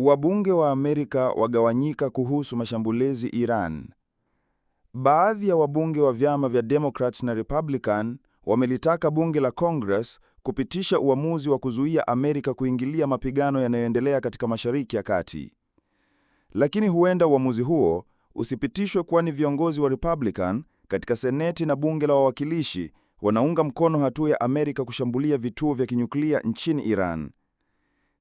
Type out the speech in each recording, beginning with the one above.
Wabunge wa Amerika wagawanyika kuhusu mashambulizi Iran. Baadhi ya wabunge wa vyama vya Democrats na Republican wamelitaka bunge la Congress kupitisha uamuzi wa kuzuia Amerika kuingilia mapigano yanayoendelea katika Mashariki ya Kati. Lakini huenda uamuzi huo usipitishwe kwani viongozi wa Republican katika Seneti na bunge la wawakilishi wanaunga mkono hatua ya Amerika kushambulia vituo vya kinyuklia nchini Iran.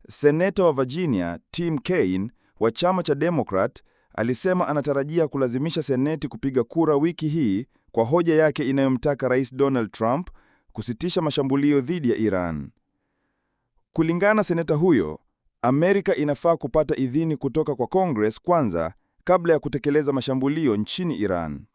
Seneta wa Virginia Tim Kaine wa chama cha Democrat alisema anatarajia kulazimisha Seneti kupiga kura wiki hii kwa hoja yake inayomtaka Rais Donald Trump kusitisha mashambulio dhidi ya Iran. Kulingana seneta huyo, Amerika inafaa kupata idhini kutoka kwa Congress kwanza kabla ya kutekeleza mashambulio nchini Iran.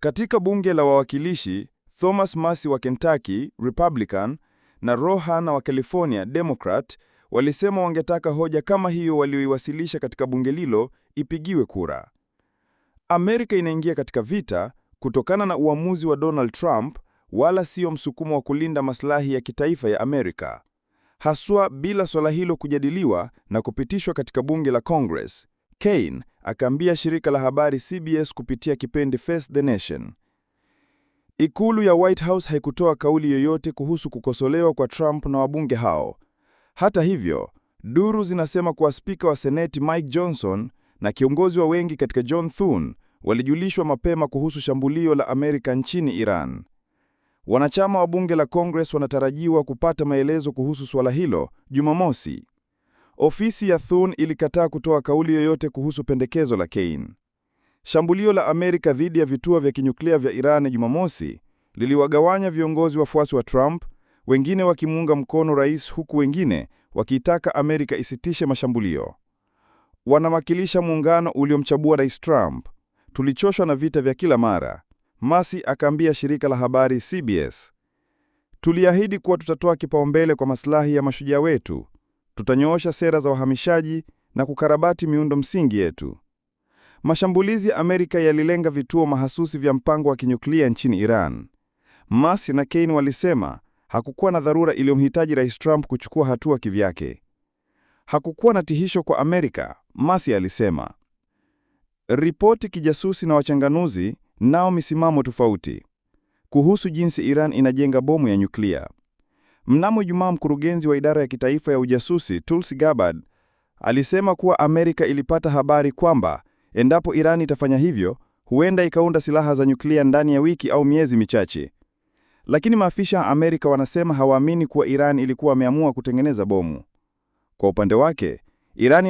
Katika bunge la wawakilishi, Thomas Massey wa Kentucky, Republican, na rohana wa California, Democrat, Walisema wangetaka hoja kama hiyo walioiwasilisha katika bunge lilo ipigiwe kura. Amerika inaingia katika vita kutokana na uamuzi wa Donald Trump, wala siyo msukumo wa kulinda maslahi ya kitaifa ya Amerika, haswa bila swala hilo kujadiliwa na kupitishwa katika bunge la Congress. kane akaambia shirika la habari CBS kupitia kipindi Face the Nation. Ikulu ya White House haikutoa kauli yoyote kuhusu kukosolewa kwa Trump na wabunge hao, hata hivyo, duru zinasema kuwa spika wa seneti Mike Johnson na kiongozi wa wengi katika John Thune walijulishwa mapema kuhusu shambulio la Amerika nchini Iran. Wanachama wa bunge la Congress wanatarajiwa kupata maelezo kuhusu suala hilo Jumamosi. Ofisi ya Thune ilikataa kutoa kauli yoyote kuhusu pendekezo la Kane. Shambulio la Amerika dhidi ya vituo vya kinyuklia vya Iran Jumamosi liliwagawanya viongozi wafuasi wa Trump wengine wakimuunga mkono rais, huku wengine wakiitaka Amerika isitishe mashambulio. wanawakilisha muungano uliomchagua Rais Trump. Tulichoshwa na vita vya kila mara, Masi akaambia shirika la habari CBS. Tuliahidi kuwa tutatoa kipaumbele kwa maslahi ya mashujaa wetu, tutanyoosha sera za wahamishaji na kukarabati miundo msingi yetu. Mashambulizi ya Amerika yalilenga vituo mahasusi vya mpango wa kinyuklia nchini Iran. Masi na Kane walisema Hakukuwa na dharura iliyomhitaji Rais Trump kuchukua hatua kivyake. Hakukuwa na tihisho kwa Amerika, Masi alisema. Ripoti kijasusi na wachanganuzi nao misimamo tofauti kuhusu jinsi Iran inajenga bomu ya nyuklia. Mnamo Ijumaa, mkurugenzi wa idara ya kitaifa ya ujasusi Tulsi Gabbard alisema kuwa Amerika ilipata habari kwamba endapo Iran itafanya hivyo, huenda ikaunda silaha za nyuklia ndani ya wiki au miezi michache. Lakini maafisa Amerika wanasema hawaamini kuwa Iran ilikuwa ameamua kutengeneza bomu. Kwa upande wake, Iran